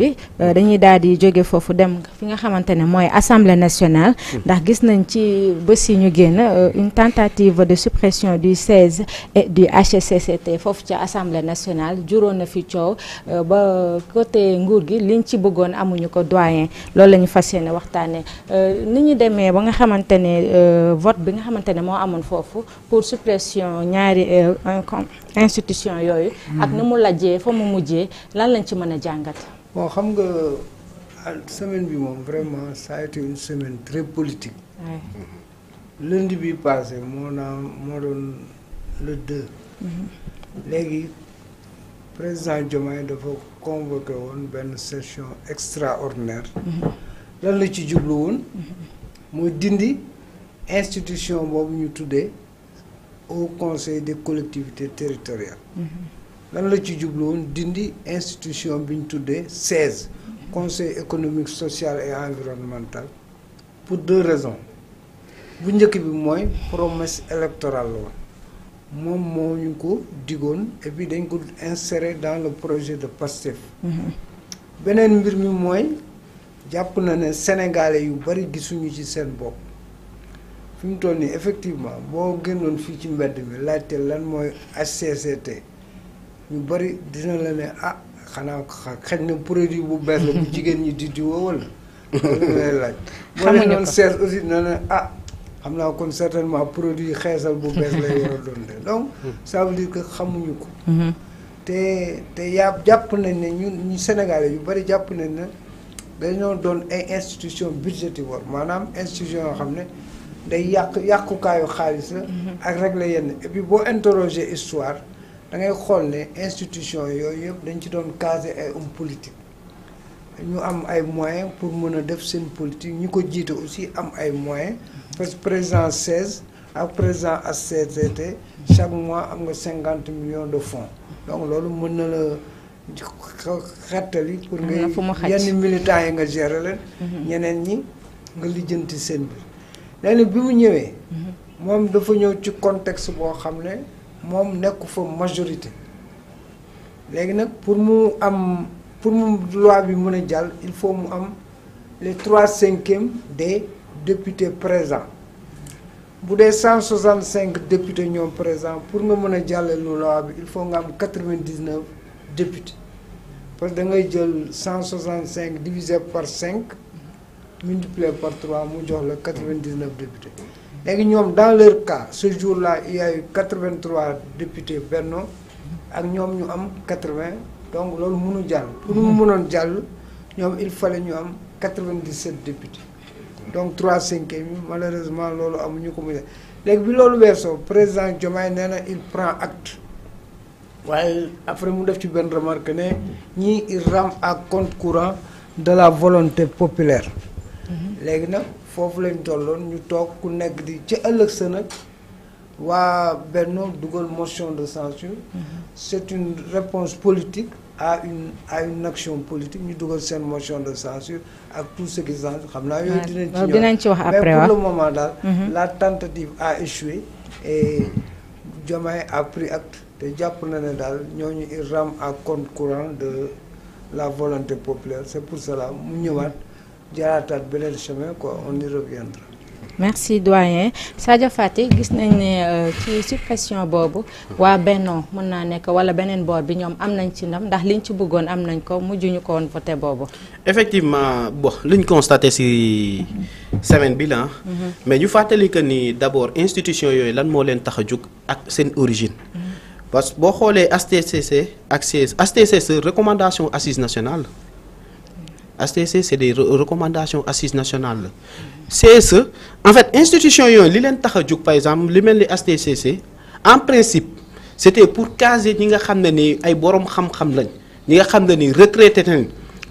bi euh, dañuy daal di jóge foofu dem fi nga xamante ne mooy assemblée nationale hmm. ndax gis nañ ci bës yi ñu génn euh, une tentative de supression du CESE et du HCCT foofu ci assemblée nationale juróon na fi coow euh, ba côté nguur gi liñ ci bëggoon amuñu ko doyen loolu lañu ñu fas yéene waxtaanee ni ñu demee ba nga xamante ne vote bi nga xamante ne moo amoon foofu pour suppression ñaari institution yooyu ak hmm. ni mu lajjee fa mu mujjee lan lañ ci mën a jàngat bon xam nga ah, semaine bi moom vraiment ça une semaine très politique. Ouais. lundi bi passé moo naa moo doon le deux. Mm-hmm. léegi président Diomaye dafa convoqué woon benn session extraordinaire. Mm-hmm. lan la ci jublu woon. Mm-hmm. mooy dindi institution boobu ñu tuddee au conseil des collectivité territoriales. lan la ci jubluwoon dindi institution bi ñu tuddee CESE conseil économique social et environnemental pour deux raisons bu njëkk bi mooy promesse électorale la moom moo ñu ko digoon et dañ ko insérer dans le projet de PASTEF mhm. beneen mbir mi mooy jàpp na ne sénégalais yu bari gisuñu ci seen bopp fi mu toll nii effectivement boo génnoon fii ci mbedd mi laajte lan mooy HCCT ñu bëri dina la ne ah xanaa xaj na produit bu bees la bu jigéen ñi di diwoo wala. lay laaj. xamuñu ko boo doon seet aussi na ne ah xam naa kon certainement produit xeesal bu bees lay war a doon de donc hmm. ça veut dire que xamuñu ko. Hmm. te te yaa jàpp nañ ne ñun ñu Sénégalais yu bëri jàpp na ne dañoo doon ay institution budgétivore maanaam institution yoo xam ne day yàq yàqukaayu xaalis la. Hmm. ak régler yenn et puis boo interroger histoire. da ngay xool ne institution yooyu yëpp dañ ci doon caser ay homme politique ñu am ay moyens pour mën a def seen politique ñu ko jiite aussi am ay moyens parce que président 16 ak président HCCT chaque mois am nga cinquante millions de fonds donc loolu mën na la xettali pour ngay yenn militants yi nga gérer leen mhm. ñeneen ñi nga lijjanti seen bi léegi bi mu ñëwee mhm. moom dafa ñëw ci contexte boo xam ne moom nekku fa majorité léegi nag pour mu am pour mu loi bi mën a jàll il faut mu am les trois cinquièmes des députés présents bu dee cent soixante cinq députés ñoom présents pour nga mën a jàllale loi bi il faut nga am quatre vingt dix neuf députés parce que da ngay jël cent soixante cinq divisé par cinq multiplié par trois mu jox la quatre vingt dix neuf députés. léegi ñoom dans leur cas ce jour la il y a eu 83 Benno ak ñoom ñu am vingt donc loolu mënu jàll. pour mu mhm. mënoon jàll ñoom il fallait ñu am 97 députés donc 3 cinq yi malheureusement loolu amuñu ko mu def léegi bi loolu weer weesoo président Diomaye nee na il prend acte waaye après mu def ci benn remarque ne ñii il ak à compte courant de la volonté populaire. Mhm. léegi nag. foofu lañ tolloon ñu toog ku nekk di ci ëllëg sa nag waa Benno dugal motion de censure mhm. c'est une réponse politique à une à une action politique ñu dugal seen motion de censure ak tout ce qui s'en xam naa yooyu dinañ ci wax après mais pour le moment daal mhm. la tentative à échoué et Diomaye a pris acte te jàpp na ne daal ñooñu il rame à compte courant de la volonté populaire c'est pour cela mu ñëwaat jëlaataat beneen chemin quoi on y reviendra. merci doyen Sadio Fati gis nañ ne euh, ci suppression boobu waa Benno mën naa nekk wala beneen boor bi ñoom am nañ ci ndam ndax liñ ci bëggoon am nañ ko mujj ñu ko woon voté boobu. effectivement li liñ constaté si semaine bi la mhm. mais ñu fàttali que ni d'abord institution yooyu lan moo leen tax a jóg ak seen origine. Mhm. parce que boo xoolee HCCT ak aste c HCCT recommandation assise national HCC c' est des recommandations assises nationales la CSE en fait institution yooyu li leen tax a jóg par exemple li mel ni HCCT en principe c' était pour caser ñi nga xam ne ni ay borom xam-xam lañ ñi nga xam ne ni retraité nañ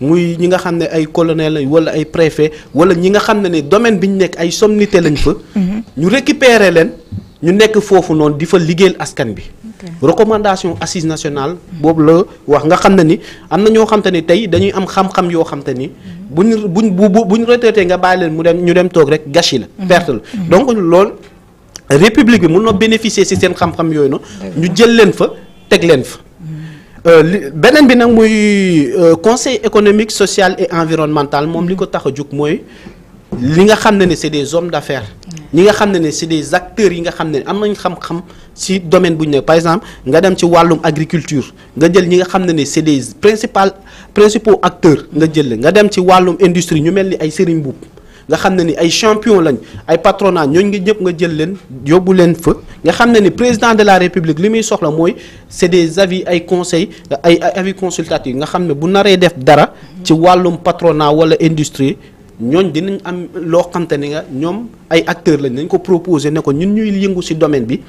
muy ñi nga xam ne ay colonel lañ wala ay préfet wala ñi nga xam ne ni domaine bi ñu nekk ay somnité lañ fa. Mm-hmm. ñu récupérer leen ñu nekk foofu noonu di fa liggéeyal askan bi. recommandation assise nationale boobu la wax nga xam na ni am na ñoo xam te ni tey dañuy am xam-xam yoo xam te ni buñ bu buñ retraité nga bàyyi leen mu dem ñu dem toog rek gâchis la mhm. perte la mhm. donc loolu république bi mun na si seen xam-xam yooyu na ñu jël leen fa teg leen fa mhm. euh, beneen bi nag muy euh, conseil économique social et environnementale moom li ko tax a jóg mooy li nga xam ne ni c'est des hommes d'affaires ñi nga xam ne ne c'est des acteurs yi nga xam ne am nañ xam-xam ci domaine bu ñu ne par exemple nga dem ci wàllum agriculture nga jël ñi nga xam ne ne c'est des principal principaux acteurs nga jël nga dem ci wàllum industrie ñu mel ni ay Serigne Mboup nga xam ne ni ay champion lañ ay patronat ñooñ nga ñëpp nga jël leen yóbbu leen fa nga xam ne ni président de la république li muy soxla mooy c'est des avis ay conseils ay avis consultatifs nga xam ne bu naree def dara ci wàllum patronat wala industrie ñooñ dinañ am loo xamante ni nga ñoom ay acteurs lañ nañ ko proposer ne ko ñun ñuy yëngu ci domaine bi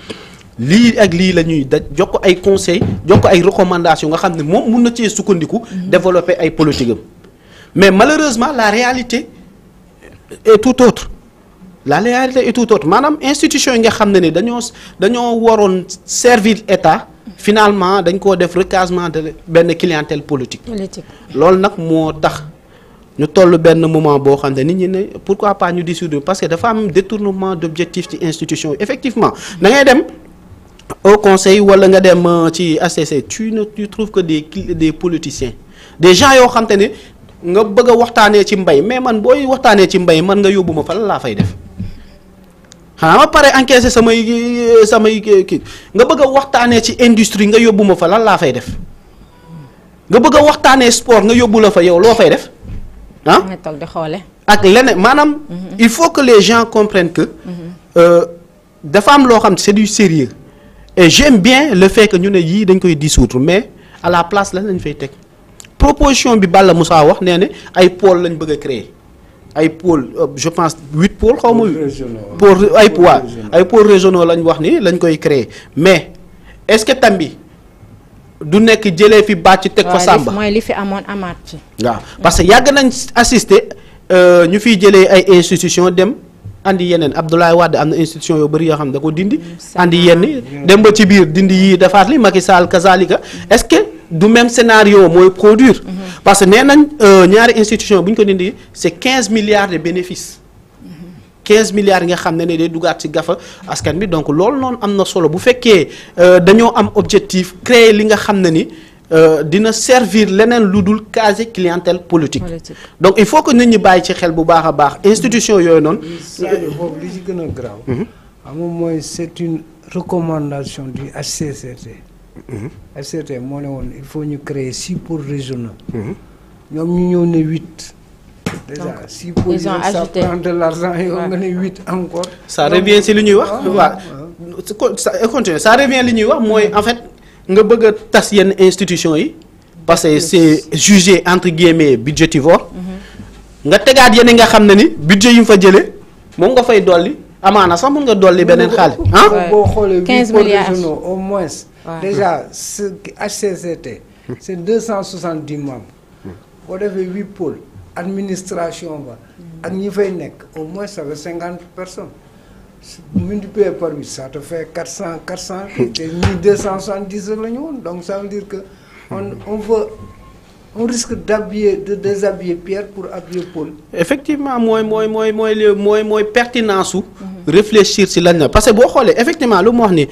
lii ak lii la ñuy daj jox ko ay conseils jox ko ay recommandations nga xam ne moom mun na cee sukkandiku. Mm-hmm. développer ay politique mais malheureusement la réalité est tout autre la réalité est tout maanaam institution yi nga xam ne ni dañoo dañoo waroon servir état. finalement dañ koo def recasement de benn clientèle politique. politique loolu nag moo tax. ñu toll benn moment boo xam ni ñu ñi ne pourquoi pas ñu dissoudre parce que dafa am détournement d'objectif ci institution effectivement da ngay dem au conseil wala nga dem euh, ci ACC tu ne tu que des des politiciens des yoo xam ni nga bëgg a waxtaanee ci mbay mais man booy waxtaanee ci mbay man nga yóbbu ma fan laa fay def xanaa ma pare encaissé samay euh, samay kii nga bëgg a waxtaanee ci industrie nga yóbbu ma fa lan laa fay def nga bëgg a waxtaanee sport nga yóbbu la fa yow loo fay def ah nga toog di ak leneen maanaam. Mhm. il faut que les gens comprennent que. Mhm. Euh, dafa am loo xam ne c'est du sérieux et j'aime bien le fait que ñu ne yii dañ koy dissoudre mais à la place lan lañ fay teg proposition bi bala Moussa wax nee ne ay pôle lañ bëgg a créer ay pôle euh, je pense huit pôles xaw ma. pôle ay pôles ay pôles régionaux lañ wax ni lañ koy créer mais est-ce que tam bi du nekk jële fi bàcc teg fa sàmba li fi amoon amaat ci waaw parce que yàgg nañ assister euh, ñu fiy jëlee ay institution dem andi yeneen Abdoulaye Wade am na institution yoo bëri yoo xam ne da ko dindi andi yenn dem ba ci biir dindi yii defaat li Macky Sall kazalika est-ce que du même scénario mooy produire mhm. parce que nee nañ euh, ñaari institution bu ñu ko dindi c'est quinze milliards de bénéfice quinze milliards nga xam ne ni day dugaat ci gafa askan bi donc loolu noonu am na solo bu fekkee euh, dañoo am objectif créer li nga xam ne ni euh, dina servir leneen lu dul case clientèle politique. donc il faut que nit ñi bàyyi ci xel bu baax a baax institution yooyu noonu. boobu li ci gën a grave. Mm-hmm. xam mooy c'est une recommandation du HCCT. HCCT mm-hmm. moo ne woon il faut ñu créer six pôles régionaux. Mm-hmm. ñoom ñu ñëw ne huit. déjà si ils ont ajouté revient si li ñuy wax. waaw ça euh, continue revient li ñuy wax mooy en fait nga bëgg a tas yenn institution yi. parce que c'est jugé entre guillemets budgétivore. Mhm. nga tegaat yenn nga xam ne ni budget yi mu fa jëlee moom nga fay dolli. amaana sax mun nga dolli beneen xaalis. ah boo xoolee 15 milliards au moins. déjà ce HCCT. c'est 270 membres. Hmm. boo defee huit pôles. administration ba. ak ñi fay nekk au moins ça fait cinquante personnes. multiplié par huit ça te fait quatre cent quatre cent. te ñii deux cent dix la ñu woon donc ça veut dire que on on veut. on risque d'habiller de déshabiller Pierre pour habiller Paul. effectivement mooy mooy mooy mooy mooy mooy pertinence su. réfléchir si lañ la parce que boo xoolee effectivement lu mu wax ni.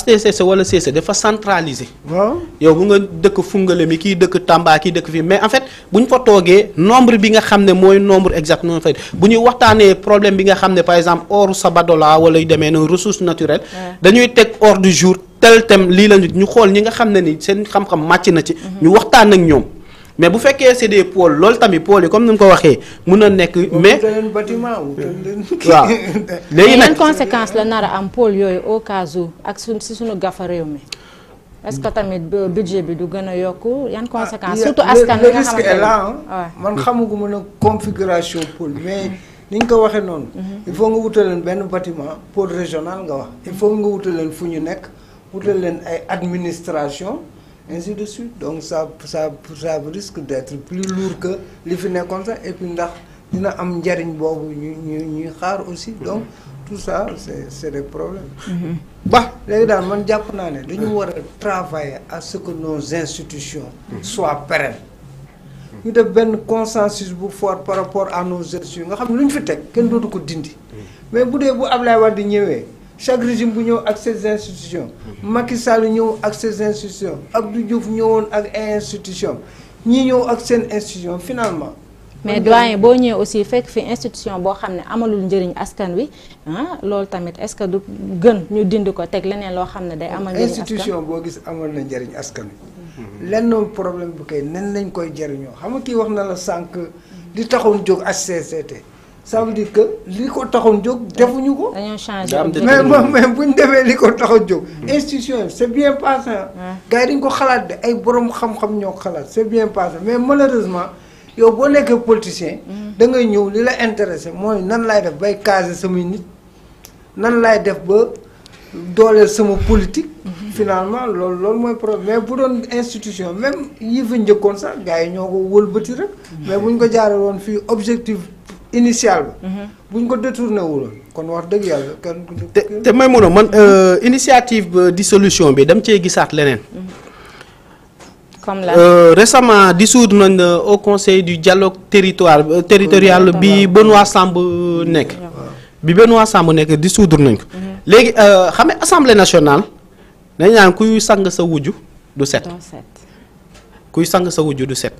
HTCC wala CC dafa centraliser. waaw yow bu nga dëkk Fungale mi kii dëkk Tamba kii dëkk fii mais en fait bu ñu fa toogee nombre bi nga xam ne mooy nombre exact noonu fay bu ñuy waxtaanee problème bi nga xam ne par exemple or Sabadola wala yu demee noonu ressource naturelle. dañuy teg or du jour tel thème lii la ñu xool ñi nga xam ne ni seen xam màcc na ci. Mhm. ñu waxtaan ak mais bu fekkee c'est des loolu tamit pôles yi comme ni mu ko waxee mun a nekk mais. waaw léegi nag conséquence la nar a am pôle yooyu au cas ak su si suñu gafa réew mi. est-ce que tamit bi du gën a yokk yan conséquences. Ah, surtout askan la nga xamante ne le risque est là man xamaguma nag configuration pôle mais ni ñu ko waxee noonu. Mhm. il faut nga wutal leen benn batiment pôle régional nga wax. il faut nga wutal leen fu ñu nekk wutal leen ay administration. ainsi de suite donc ça ça ça risque d'être plus lourd que li fi nekkoon sax et puis ndax dina am njariñ boobu ñu ñu ñuy xaar aussi donc tout ça c'est c'est des problèmes mm-hmm. ba léegi daal man jàpp naa ne dañu war a travailler à ce que nos institutions mm-hmm. soient pérennes ñu def benn consensus bu fort par rapport à nos institutions nga xam ne lu ñu fi teg kenn dootu ko dindi mm-hmm. mais bu dee bu Ablaye Wade ñëwee chaque régime bu ñëw ak ses institutions. Macky Sall ñëw ak ses institutions Abdou Diouf ñëwoon ak ay institutions ñi ñëw ak seen institution finalement. mais doyen boo ñëwee aussi fekk fi institution boo xam ne amalul njëriñ askan wi ah loolu tamit est-ce que du gën ñu dindi ko teg leneen loo xam ne day. amal njëriñ institution boo gis amal na njëriñ askan wi. lenn problème bu kay nen lañ koy jëriñoo xam nga kii wax na la sànq. li taxoon jóg HCCT. ça veut dire que li ko taxoon jóg defuñu ko. changé mais mais bu ñu defee li ko taxoon jóg. Hmm. institution c' est bien passé. Hmm. gars yi dañu ko xalaat de ay borom xam-xam ñoo xalaat c' est bien passé mais malheureusement yow boo nekkee politicien. Hmm. da ngay ñëw li la intéressé mooy nan laay def bay caser samay nit nan laay def ba dooleel sama politique. finalement loolu loolu mooy problème mais bu doon institution même yi fa njëkkoon sax gars yi ñoo ko wëlbati rek. mais bu ñu ko jaaree woon fii objectif. initial bi. Mhm. buñ ko détourné wuloon kon wax dëgg yàlla kenn. te te may mun a man euh, initiative dissolution bi dam cee gisaat leneen. Mhm. comme la euh, récemment euh, au conseil du dialogue territoire euh, territorial bi Benoît Samb nekk. bi Benoît Samb nekk dissoudre nañ ko. Mhm. léegi xam nga assemblée nationale dañ naan kuy sang sa wujju du set. kuy sang sa wujju du set.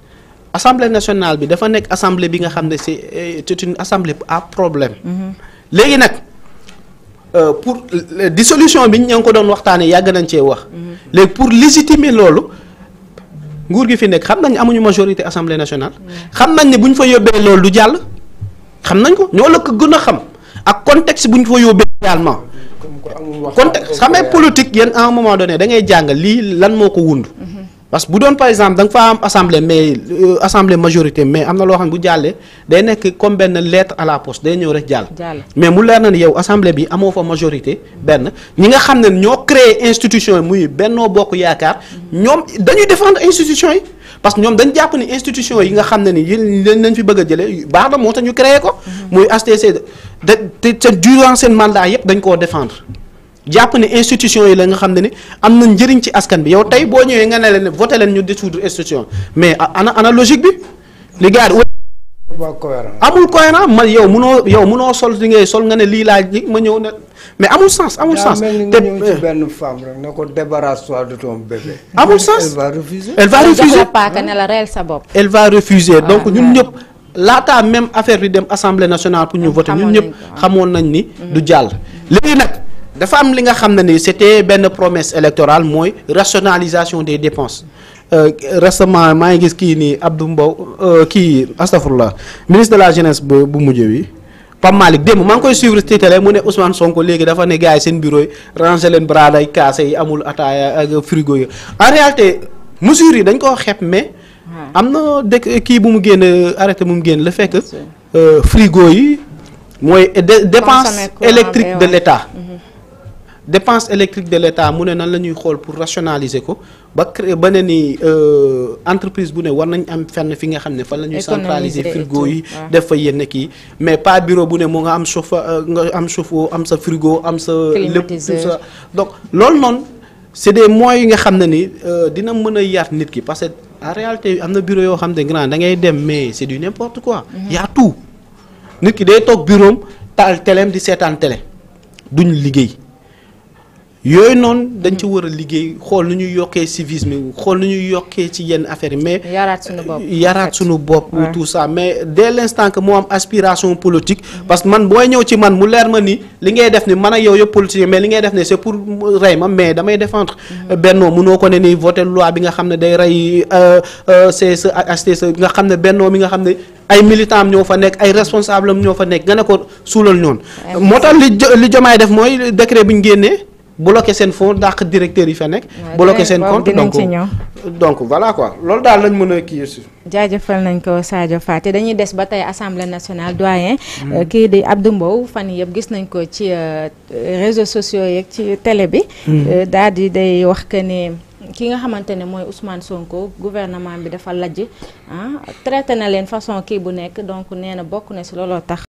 assemblée nationale bi dafa nekk assemblée bi nga xam ne c'est euh, une assemblée à problème. Mm-hmm. léegi nag euh, pour euh, dissolution bi ñoo ngi ko doon waxtaanee yàgg nañ cee wax. Mm-hmm. léegi pour légitimer loolu nguur gi fi nekk xam nañ amuñu majorité assemblée nationale. Mm-hmm. xam nañ ne bu ñu fa yóbbee loolu du jàll. xam nañ ko ñoo la ko gën a xam ak contexte bu ñu fa yóbbee également. contexte xam politique yéen en un moment donné da ngay jàng lii lan moo ko wund. parce que bu doon par exemple da nga fa am assemblée mais euh, assemblée majorité mais am na loo xam ne bu jàllee day nekk comme benn lettre à la poste day ñëw rek jàll. mais mu leer na ni yow assemblée bi amoo fa majorité benn ñi nga xam ne ñoo créé institution yi muy Benno Bokk Yaakaar ñoom dañuy défendre institution yi. parce que ñoom dañ jàpp ni institution yi nga xam ne ni yéen lañ fi bëgg a jëlee baax na moo tax ñu créé ko. Mhm. muy HTC te te durant seen mandat yëpp dañ koo défendre. jàpp ne institution yi la nga xam ne ni am na njëriñ ci askan bi yow tey boo ñëwee nga ne la ne voté leen ñu dissoudre institution mais ana ana logique bi li gars yi amul cohérent man yow munoo yow munoo sol li ngay sol nga ne lii laa ma ñëw ne mais amul sens amul sens. te benn femme rek ne ko débarrasse-toi de ton bébé. amul sa bopp. elle ah, donc ñun ñëpp. laataa même affaire bi dem assemblée nationale pour ñu ah, voter ñun ñëpp xamoon nañ ni du mm-hmm. jàll léegi nag. dafa am li nga xam ne ni c'était benn promesse électorale mooy rationalisation des dépenses euh, récemment maa ngi gis kii nii Abdou Mbow euh, kii astafula ministre de la jeunesse bu bu mujj wi Pape Malick démb maa koy suivre ci mu ne Ousmane Sonko léegi dafa ne gars seen bureau yi ranger leen braada ay kaase yi amul ataaya ak frigo yi en réalité mesures yi dañ koo xeeb mais. am na dëkk kii bu mu génn arrêté bu mu génn la fekk. Euh, frigo yi mooy dépense électrique de l'État. Mm-hmm. dépense électrique de l'État mu ne nan la ñuy xool pour rationaliser ko ba crée ba ne ni euh, entreprise bu ne war nañ am fenn fi nga xam ne fan la ñuy centraliser frigo yi def fa yenn kii mais pas bureau bu ne moo nga am chauffe euh, nga am chauffe am sa frigo am sa lépp sa donc loolu noonu c'est des moyens yi nga xam ne ni euh, dina mën a yar nit ki parce que en réalité am na bureau yoo xam ne grand da ngay dem mais c'est du n'importe quoi mm-hmm. y a nit ki day toog bureau am taal teleem di seetaan télé duñ liggéey yooyu noonu dañ ci war a liggéey xool nu ñu yokkee mi xool nu ñuy yokkee ci yenn affaire yi mais. yaraat suñu bopp yaraat suñu bopp. tout ça mais dès l' instant que moo am aspiration politique. parce que man booy ñëw ci man mu leer ma ni li ngay def ni man a yow yëpp politique mais li ngay def ne c' pour rey ma mais damay défendre. Mm-hmm. bennoo munoo ko ne ni voté loi bi nga xam ne day rey euh, euh, CSE ak HTSE nga xam ne bennoo mi nga xam ne. ay militant am ñoo fa nekk ay responsable am ñoo fa nekk nga ne ko suulal ñoon moo tax def mooy décret bi ñu bloqué seen fond dàq directeur yi fa nekk. bloqué seen compte donc donc voilà ko loolu daal lañ mën a kii aussi. jaajëfal nañ ko Sadio Faté dañuy des ba tey assemblée nationale doyen. Mm. Euh, kii di Abdou Mbow fan yëpp gis nañ ko ci euh, réseaux sociaux yeeg ci télé bi. Mm. Euh, daal di day wax que ne ki nga xamante ne mooy Ousmane Sonko gouvernement bi dafa lajj ah traité na leen façon kii bu nekk donc nee na bokk na si looloo tax.